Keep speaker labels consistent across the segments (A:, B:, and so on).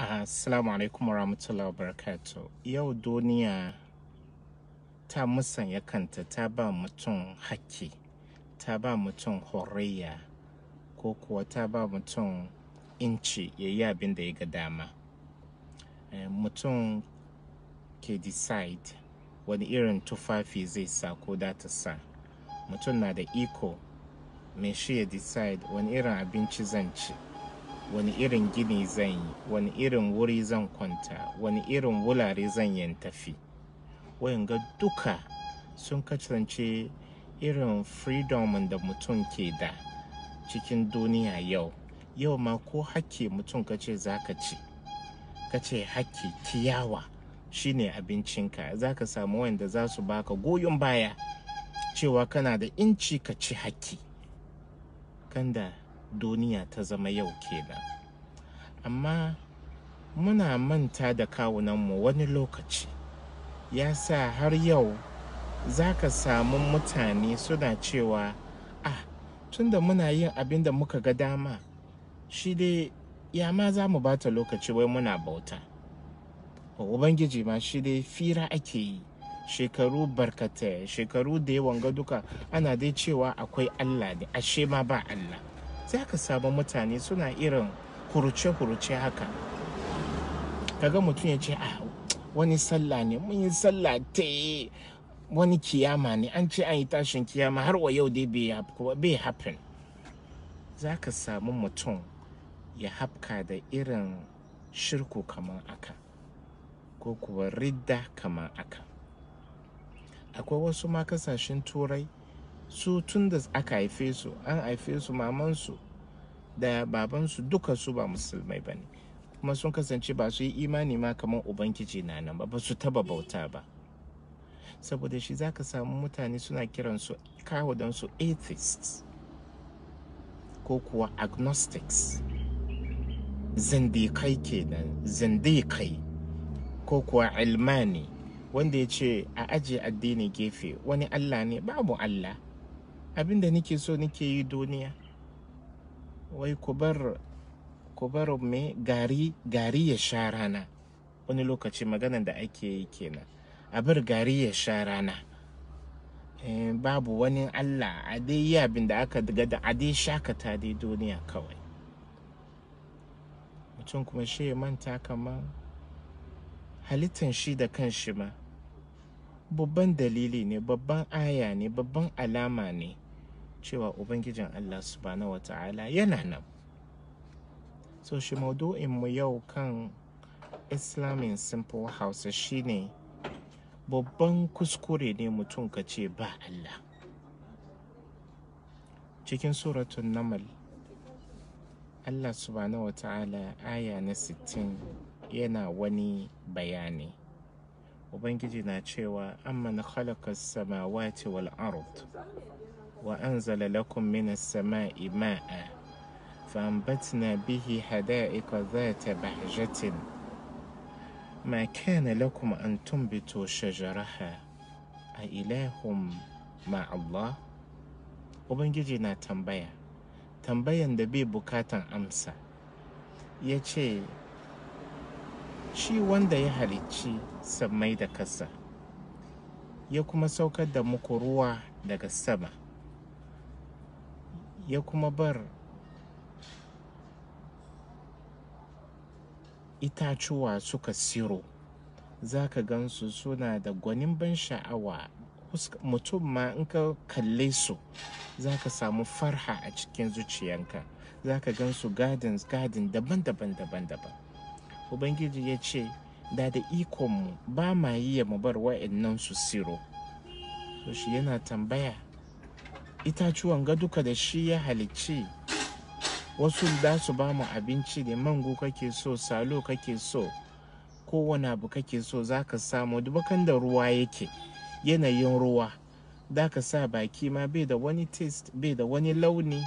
A: Assalamu alaikum wa wa barakatu. Yau duniya ta musanya kanta ta ba mutum haƙƙi, ta ba mutum horayya, ko kuwa ta ba mutum inci ya yi abin da ya ga dama. Eh, mutum ke decide wani irin tufafi zai sa ko data sa. Mutum na da iko mai shi ya decide wani irin abinci zan ci. wani irin gini zan yi wani irin wuri zan kwanta wani irin wulare zan yin tafi ga duka sun kasance irin freedom da mutum ke da cikin duniya yau yau ma ko hakki mutum kace za ka ci kace hakki kiyawa shine abincinka za ka samu wanda za su baka goyon baya cewa kana da inci ka ci hakki kanda duniya ta zama yau kenan amma muna manta da kawunanmu wani lokaci ya sa har yau za ka samu mutane suna cewa ah tunda muna yin abin da muka ga dama shi dai ya ma za mu bata lokaci wai muna bauta ubangiji ma shi dai fira ake yi shekaru barkatai shekaru da yawan ga duka ana dai cewa akwai allah ne ashe ma ba allah za ka samu mutane suna irin huruce-huruce haka kaga mutum ya ce a ah, wani sallah ne mun yi sallah ta wani kiyama ne an ce an yi tashin kiyama har wa yau dai bai happen za ka samu mutum ya hapka da irin shirku kamar aka ko kuwa ridda kamar aka akwai wasu ma kasashen turai su tun da aka haife su an haife su mamansu da babansu duka su ba musulmai ba ne kuma sun kasance ba su yi imani ma kamar ubangiji na nan ba su taba bauta ba saboda shi za ka samu mutane suna kiransu kawudansu atheists ko kuwa agnostics zindikai kenan zindikai ko kuwa ilmani wanda ya ce a ajiye addini gefe wani allah ne babu allah abin da nake so nike yi duniya wai ku bar me gari gari ya sha rana wani lokaci maganan da ake yi kenan a bar gari ya sha rana eh, babu wani Allah a dai yi abin da aka daga da a dai shakata dai duniya kawai mutum kuma shi ya manta kamar halittan shi da kan shi ma babban dalili ne babban aya ne babban alama ne cewa ubangijin Allah subhanahu wata'ala yana nan so shi maudu'in mu yau kan islamic simple hausa shine babban kuskure ne mutum ka ce ba Allah cikin suratun namal Allah subhanahu wata'ala aya na 60 yana wani bayani ubangiji na cewa na khalaka samawati wal ard وأنزل لكم من السماء ماء فأنبتنا به حدائق ذات بهجة ما كان لكم أن تنبتوا شجرها أإله مع الله Ubangiji na tambaya, tambayan da bai bukatan amsa, ya ce, Shi wanda ya halicci sammai da kasa, ya kuma saukar da muku ruwa daga sama, ya kuma bar itacuwa suka siro za ka gansu suna da gwanin ban sha'awa mutum ma in ka kalle su za ka samu farha a cikin zuciyanka za ka gansu gardens garden daban-daban daban-daban ubangiji ya ce da da ikonmu ba ma yi ya mu bar nan su siro so shi yana tambaya itacuwan ga duka da shi ya halicci wasu da su ba mu abinci da mango kake so salo kake so kowane abu kake so za ka samu dubakan da ruwa yake yanayin ruwa da ka sa baki ma bai da wani taste bai da wani launi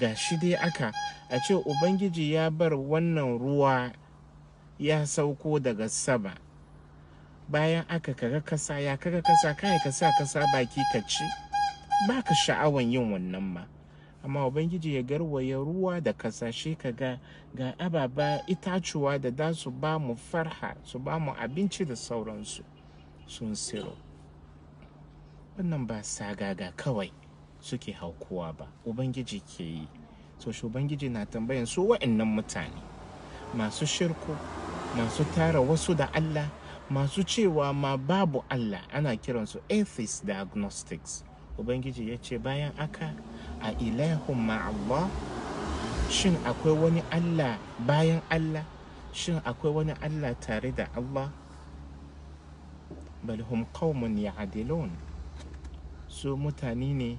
A: ga shi dai aka a ce ubangiji ya bar wannan ruwa ya sauko daga sama bayan aka kaga kasa ya kaga kasa kai ka sa kasa baki ka ci baka sha'awan yin wannan ma amma ubangiji ya garwaye ruwa da ƙasashe, ka ga ga ababa itacuwa da za su ba mu farha su ba mu abinci da sauransu sun siro wannan ba sagaga kawai suke haukuwa ba ubangiji ke yi so shi ubangiji na tambayan su wa'annan mutane masu shirku masu tara wasu da allah masu cewa ma babu allah ana kiransu atheist Diagnostics. ubangiji ya ce bayan aka a ilahun ma'allah shin akwai wani allah bayan allah shin akwai wani allah tare da allah balhum qaumun ya'dilun su mutane ne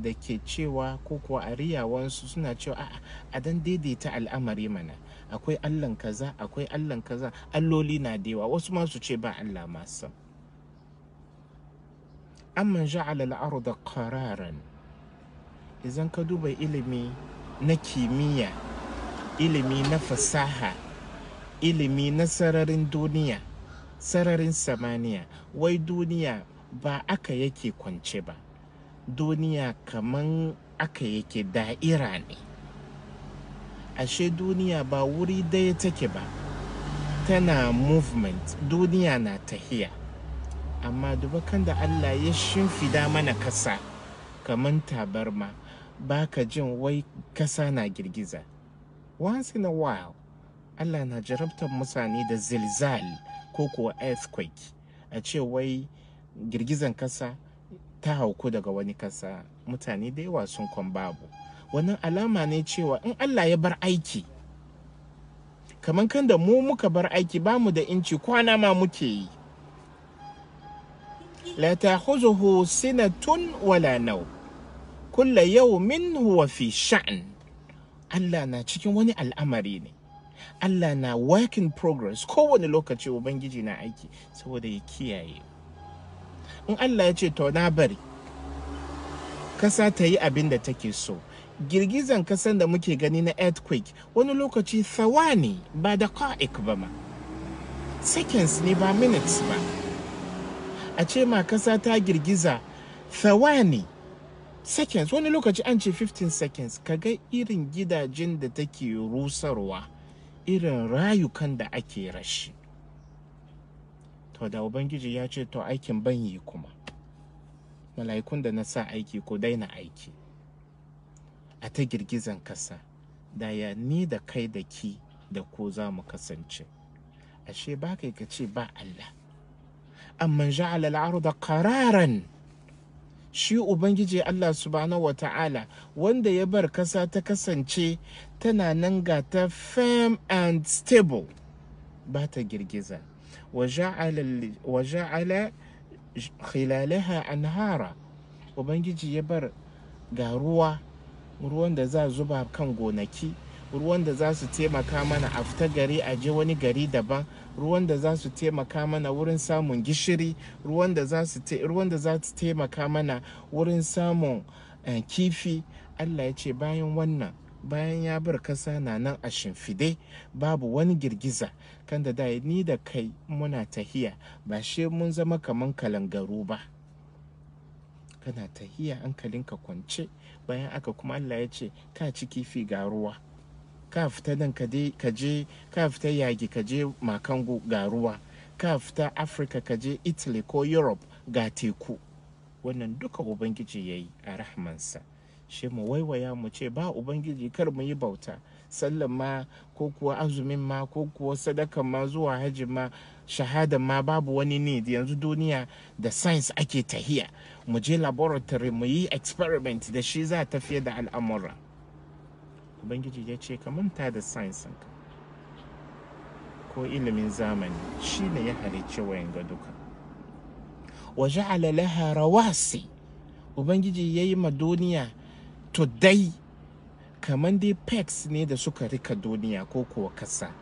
A: da ke cewa ko kuwa a riyawansu suna cewa a a dan daidaita al'amari mana akwai allan kaza akwai allan kaza alloli na dewa wasu ma su ce ba allah masu amman ja'ala al-arda qararan idan ka duba ilimi na kimiyya ilimi na fasaha ilimi na sararin duniya sararin samaniya wai duniya ba aka yake kwance ba duniya kaman aka yake da'ira ne ashe duniya ba wuri daya take ba tana movement duniya na tahiya amma dubakan da allah ya shimfida mana kasa kamar tabarma ba ka jin wai kasa na girgiza once in a while allah na jarabtar mutane da zilzal ko kuwa earthquake a ce wai girgizan kasa ta hauku daga wani kasa mutane da yawa sun kwan babu wannan alama ne cewa in allah ya bar aiki kamar kan da mu muka bar aiki ba mu da inci kwana ma muke yi لا تأخذه سنة ولا نوم كل يوم هو في شأن Allah na cikin wani al'amari ne Allah na work in progress kowane lokaci Ubangiji na aiki saboda ya kiyaye in Allah ya ce to na bari kasa ta yi abin da take so girgizan kasan da muke gani na earthquake wani lokaci thawani ba da ka'ik ba ma seconds ne ba minutes ba a ce ma kasa ta girgiza thawani seconds wani lokaci an ce 15 seconds ga irin gidajen da take rusarwa irin rayukan da ake rashi to da ubangiji ya ce to aikin ban yi kuma mala'ikun da na sa aiki ko daina aiki a ta girgizan kasa da ya ni da kai da ki da ko za mu kasance ashe ba kai ka ce ba Allah amman ja'ala al-arda qararan shi ubangiji Allah subhanahu wata'ala wanda ya bar kasa ta kasance tana nan ta firm and stable ba ta girgiza wa ja'ala khilalaha anhara ubangiji ya bar ga ruwa ruwan da za zuba kan gonaki ruwan da za su taimaka mana a gari a je wani gari daban ruwan da za su taimaka mana wurin samun gishiri ruwan da za su taimaka mana wurin samun eh, kifi allah ya ce bayan wannan bayan ya bar kasa na nan a shimfide babu wani girgiza kan da da ni da kai muna tahiya ba shi mun zama kaman kalangaru ba kana tahiya hankalinka kwance bayan aka kuma allah ya ce ka ci kifi ga ruwa ka fita nan ka je ka fita yagi ka je makango ga ruwa ka fita afirka ka je italy ko europe ga teku wannan duka ubangiji ya yi a rahmansa shi mu waiwaya mu ce ba ubangiji kar mu yi bauta sallan ma ko kuwa azumin ma ko kuwa sadakan ma zuwa hajji ma shahadan ma babu wani need yanzu duniya da science ake tahiya mu je laboratory mu yi experiment da shi za tafiye da al'amura ubangiji ya ce ka manta da sayansinka ko ilimin zamani shi ne ya halicci wayan ga duka wa ja'ala laha rawasi ubangiji ya yi ma duniya dai kamar dai peks ne da suka rika duniya ko kuwa kasa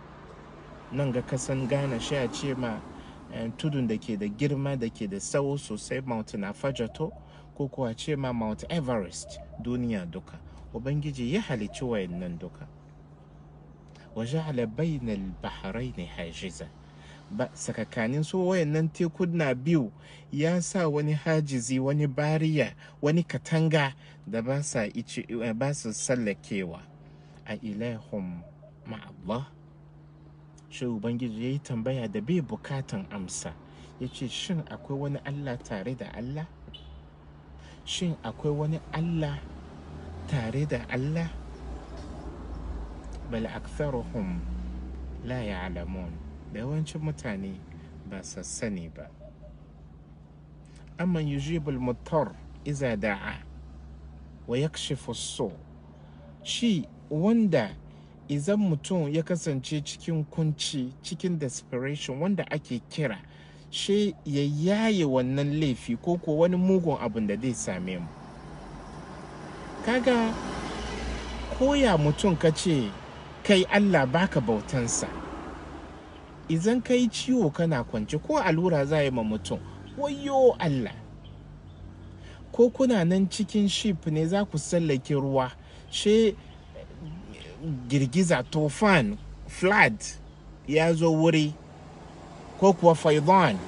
A: nan ga kasan ghana shi a ce ma eh, tudun da ke da girma da ke da tsawo sosai mount nafajato ko kuwa ce ma mount everest duniya duka ubangiji ya halicci wayannan duka wa ja'ala bainal bahraini hajiza ba sakakanin su wayannan tekuna biyu ya sa wani hajizi wani bariya wani katanga da ba sa eh, ba su sallakewa a ilahum Allah. shi ubangiji ya yi tambaya da bai bukatan amsa ya ce shin akwai wani allah tare da allah shin akwai wani allah tare da Allah bal aktharuhum la ya'lamun da yawancin mutane ba su sani ba amman yujibul muttar iza da'a wa yakshifu so shi wanda izan mutum ya kasance cikin kunci cikin desperation wanda ake kira shi ya yaye wannan laifi ko ko wani mugun abin da zai same mu kaga koya mutum ka ce kai allah baka bautansa idan ka yi ciwo kana kwance ko allura za yi ma mutum wayo allah ko kuna nan cikin ship ne za ku sallake ruwa she girgiza tofan flood ya zo wuri ko kuwa faidon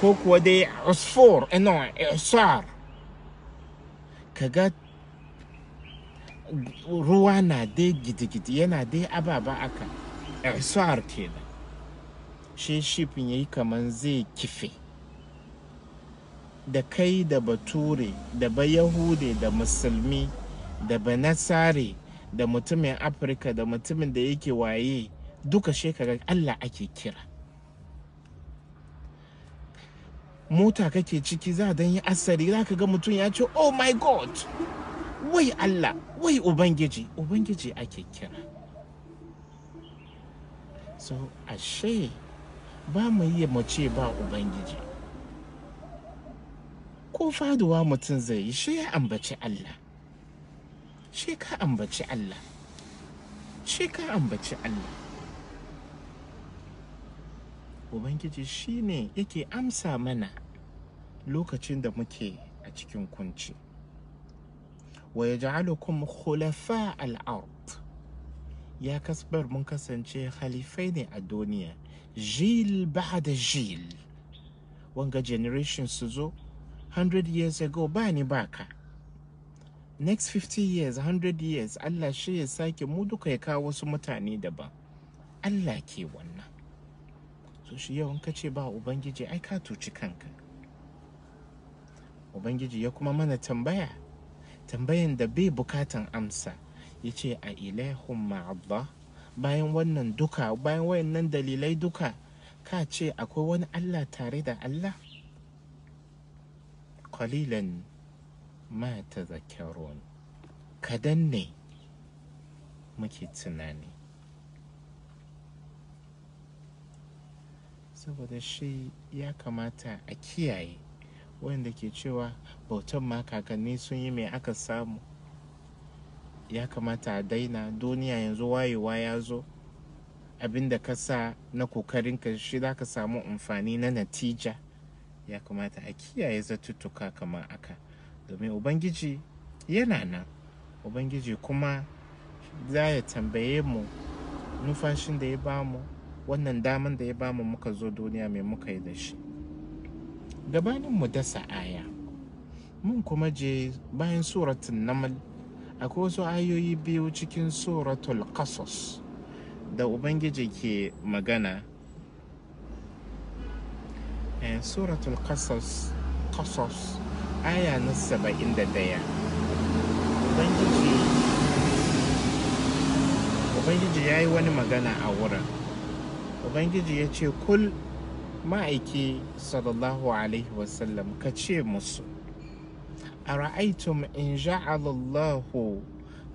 A: ko kuwa dai osfor eh, no eh, ka kaga ruwa na dai gidigidi yana dai ababa aka irsar eh, kenan shi shifin ya yi kamar zai kife da kai da bature da bayahude da musulmi da banasare da mutumin afirka da mutumin da yake waye duka shekara allah ake kira mota kake ciki za don yi asari za ka ga mutum ya ce oh my god wai Allah wai ubangiji ubangiji ake kira so ashe ba mu yi mu ce ba ubangiji ko faduwa mutum zai yi shi ya ambaci Allah shi ka ambaci Allah shi ka ambaci Allah ubangiji shi ne yake amsa mana lokacin da muke a cikin kunci wa yaj'alukum khulafa al-ard ya kasbar mun kasance halifai ne a duniya jil ba'da wanga generation su zo 100 years ago ba ni baka next 50 years 100 years Allah shi ya sake mu duka ya kawo wasu mutane daban Allah ke wannan so shi yau in ka ce ba ubangiji ai ka tuci kanka ubangiji ya kuma mana tambaya tambayan da bai bukatan amsa ya ce a ilahun ma'abba bayan wannan duka bayan wayannan dalilai duka ka ce akwai wani allah tare da allah kwalilan ma ta zakaron kadan ne muke tunani saboda shi ya kamata a kiyaye wanda ke cewa bautan ma kakanni sun yi mai aka samu ya kamata a daina duniya yanzu wayewa ya zo abinda ka sa na ka shi za ka samu amfani na natija ya kamata a kiyaye zatuttuka kamar aka domin ubangiji yana nan ubangiji kuma za ya tambaye mu nufashin da ya bamu wannan daman da ya bamu muka zo duniya mai muka yi da shi gabanin mu dasa aya mun kuma je bayan suratul namal akwai wasu ayoyi biyu cikin suratul qasas da ubangiji ke magana eh, suratul qasas qasas aya na saba'in da daya ubangiji ubangiji ya yi wani magana a wurin ubangiji ya ce kul ma'aiki sallallahu alaihi wasallam ka ce musu a ra'aitum in ja'alallahu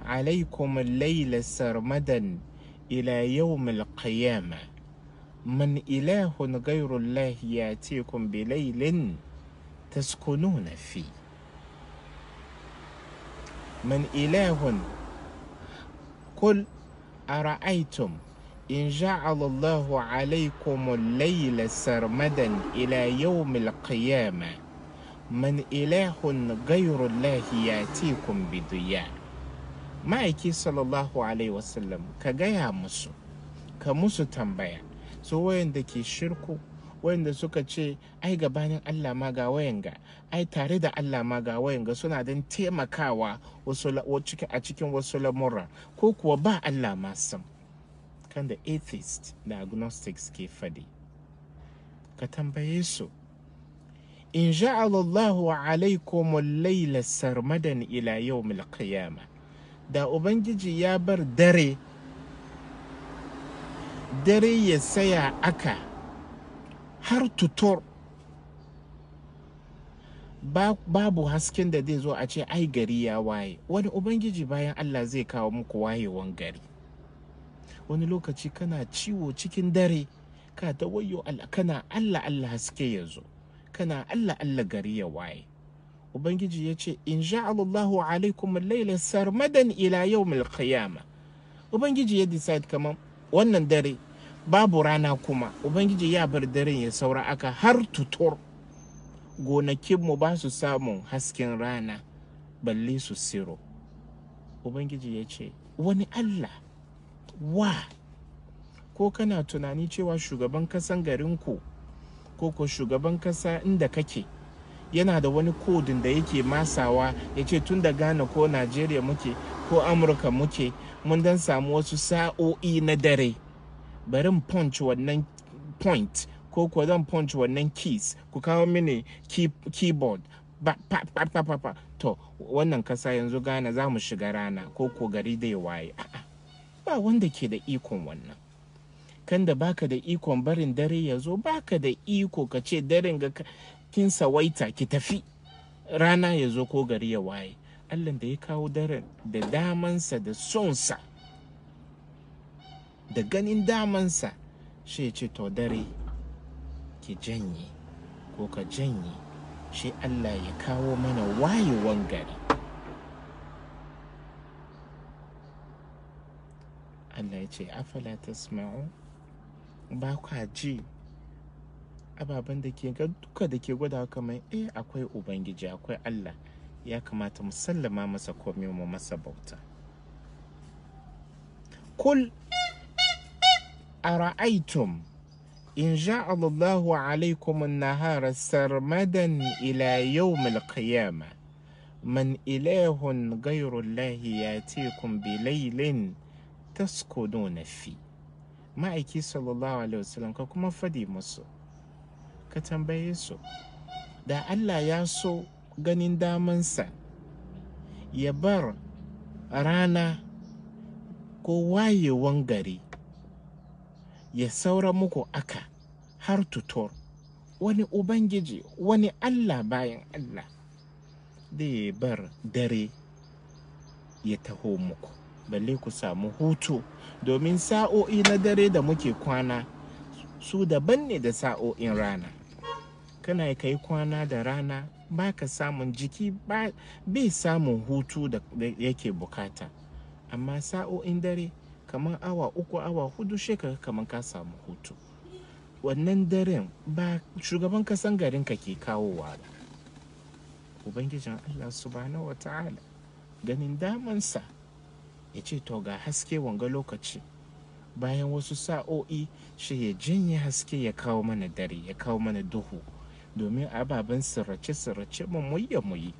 A: alaikum laila sarmadan ila yawmil qiyama man ilahun gairullahi ya tekun bilailin taskununa fi من إله قل أرأيتم in allahu alaikum al-layla sarmadan ila yawmil qiyama man ilahun gairu lahi ya kun biduya ma'aiki sallallahu alaihi wasallam ka gaya musu ka musu tambaya so wayanda ke shirku wayanda suka ce ai gabanin Allah ma ga wayanga ai tare da Allah ma ga wayanga suna don taimakawa a cikin wasu lamura, ko kuwa ba Allah ma sam kan da atheist da agnostics ke faɗi ka tambaye su in ja'alallahu alaikum laila sarmadan ila yawmil qiyama da ubangiji ya bar dare dare ya saya aka har tutur babu hasken da zai zo a ce ai gari ya waye wani ubangiji bayan allah zai kawo muku wayewan gari wani lokaci kana ciwo cikin dare ka ta wayo kana allah allah haske ya zo kana allah allah gari ya waye ubangiji ya ce in ja'alallahu alaikum laila sarmadan ila yawmil qiyama ubangiji ya decide kamar wannan dare babu rana kuma ubangiji ya bar daren ya saura aka har tutur gonakinmu ba su samun hasken rana balle su siro ubangiji ya ce wani allah wa ko kana tunani cewa shugaban kasan garinku ko ko shugaban kasa inda kake yana da wani kodin da yake masawa ya ce tun da gane ko najeriya muke ko amurka muke mun dan samu wasu sa'o'i na dare barin punch wannan point ko ko zan punch wannan keys ku kawo mini keyboard pa pa pa to wannan kasa yanzu gane za mu shiga rana ko ko gari da ya waye a'a ba wanda ke da ikon wannan kan da baka da ikon barin dare ya zo baka da iko ka ce daren ga kin sawaita ki tafi rana ya zo ko gari ya waye allah da ya kawo daren da damansa da sonsa da ganin damansa shi ya ce to dare ki janye ko ka janye shi allah ya kawo mana wayewan gari Allah ya ce afala tasma'u ba kwa ji ababen da ke ga duka da ke gwada kamar eh akwai ubangiji akwai Allah ya kamata mu sallama masa komai mu masa bauta kul ara'aytum in ja'a Allahu alaykum an-nahara sarmadan ila yawm al-qiyamah man ilahun ghayru Allah yatikum bi laylin na fi ma'aiki sallallahu alaihi wasallam ka kuma fadi musu ka tambaye su da Allah ya so ganin damansa ya bar rana ko wayewan gari ya saura muku aka har tutor wani ubangiji wani Allah bayan Allah da ya bar dare ya taho muku balle ku samu hutu domin sa'o'i na dare da muke kwana su daban ne da sa'o'in rana kana kai kwana da rana baka samun jiki bai samun hutu da yake bukata amma sa'o'in dare kamar awa uku awa hudu shekara kamar ka samu hutu wannan daren ba shugaban kasan garin ka ke kawowa ba ubangijin allah subhanahu wa ta'ala ganin damansa ya ce to ga haske wanga lokaci bayan wasu sa'o'i shi ya jinyi haske ya kawo mana dare ya kawo mana duhu domin ababen sirrace-sirrace mamuyya muyi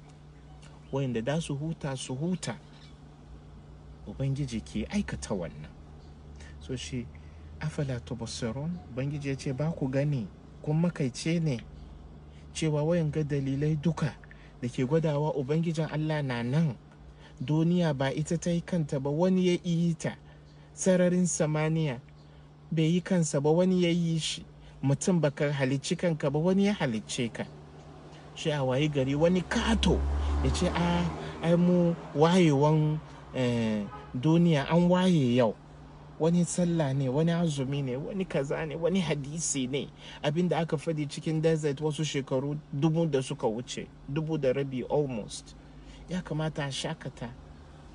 A: wayanda da su huta su huta ubangiji ke aikata wannan so shi afala basiron ubangiji ya ce ba ku gani kun makaice ne cewa wayan ga dalilai duka da ke gwadawa ubangijin allah na nan duniya ba ita ta yi kanta ba wani ya yi ta sararin samaniya bai yi kansa ba wani ya yi shi mutum baka halicci kanka ba wani ya halicce ka shi a waye gari wani kato ya ce a ai mu wayewan eh, duniya an waye yau wani sallah ne wani azumi ne wani kaza ne wani hadisi ne abinda aka fadi cikin desert wasu shekaru dubu da suka wuce dubu da rabi almost ya kamata a shakata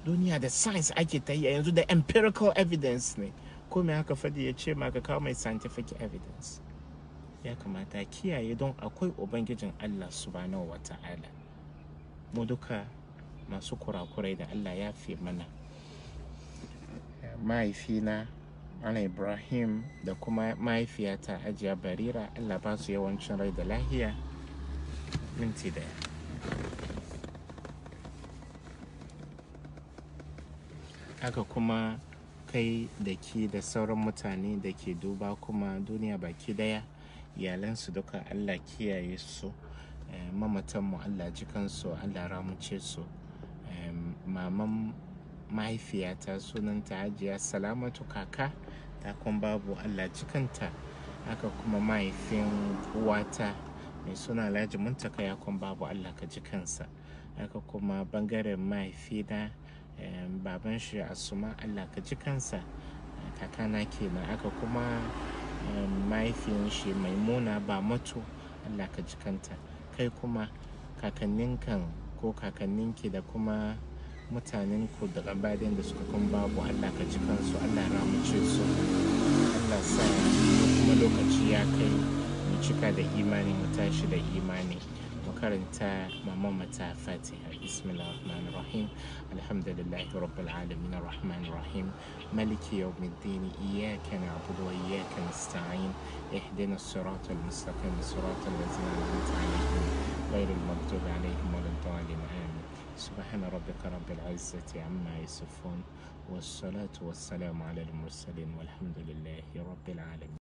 A: duniya da science ake ta yi a yanzu da empirical evidence ne ko mai haka fadi ya ce maka kawo mai scientific evidence ya kamata kiyaye don akwai ubangijin Allah subhanahu wa ta'ala mu duka masu kurakurai da Allah ya fi mana mahaifina ana ibrahim da kuma mahaifiyata ajiya barira Allah ba su yawancin rai da lahiya minti daya haka kuma kai da ke da sauran mutane da ke duba kuma duniya baki daya iyalansu duka allah kiyaye su eh, mamatanmu allah jikansu allah ramuce su eh, maman mahaifiyata sunanta hajiya salamatu kaka ta kun babu allah jikanta haka kuma mahaifin uwata mai suna alhaji muntaka ya kun babu allah ka jikansa haka kuma bangaren mahaifina baban shi a suma allah ka ji kansa kakana kenan aka kuma mahaifiyan shi maimuna ba mato allah ka ji kanta kai kuma kakannin kan ko kakanninki da kuma mutanen ku da gabaɗayan da suka kun babu allah ka ji kansu allah ramuce su allah sa kuma lokaci ya kai mu cika da imani mu tashi da imani كرنت ما ماما فاتحة بسم الله الرحمن الرحيم الحمد لله رب العالمين الرحمن الرحيم ملك يوم الدين إياك نعبد وإياك نستعين اهدنا الصراط المستقيم الصراط الذين أنعمت عليهم غير المغضوب عليهم ولا الضالين آمين سبحان ربك رب العزة عما يصفون والصلاة والسلام على المرسلين والحمد لله رب العالمين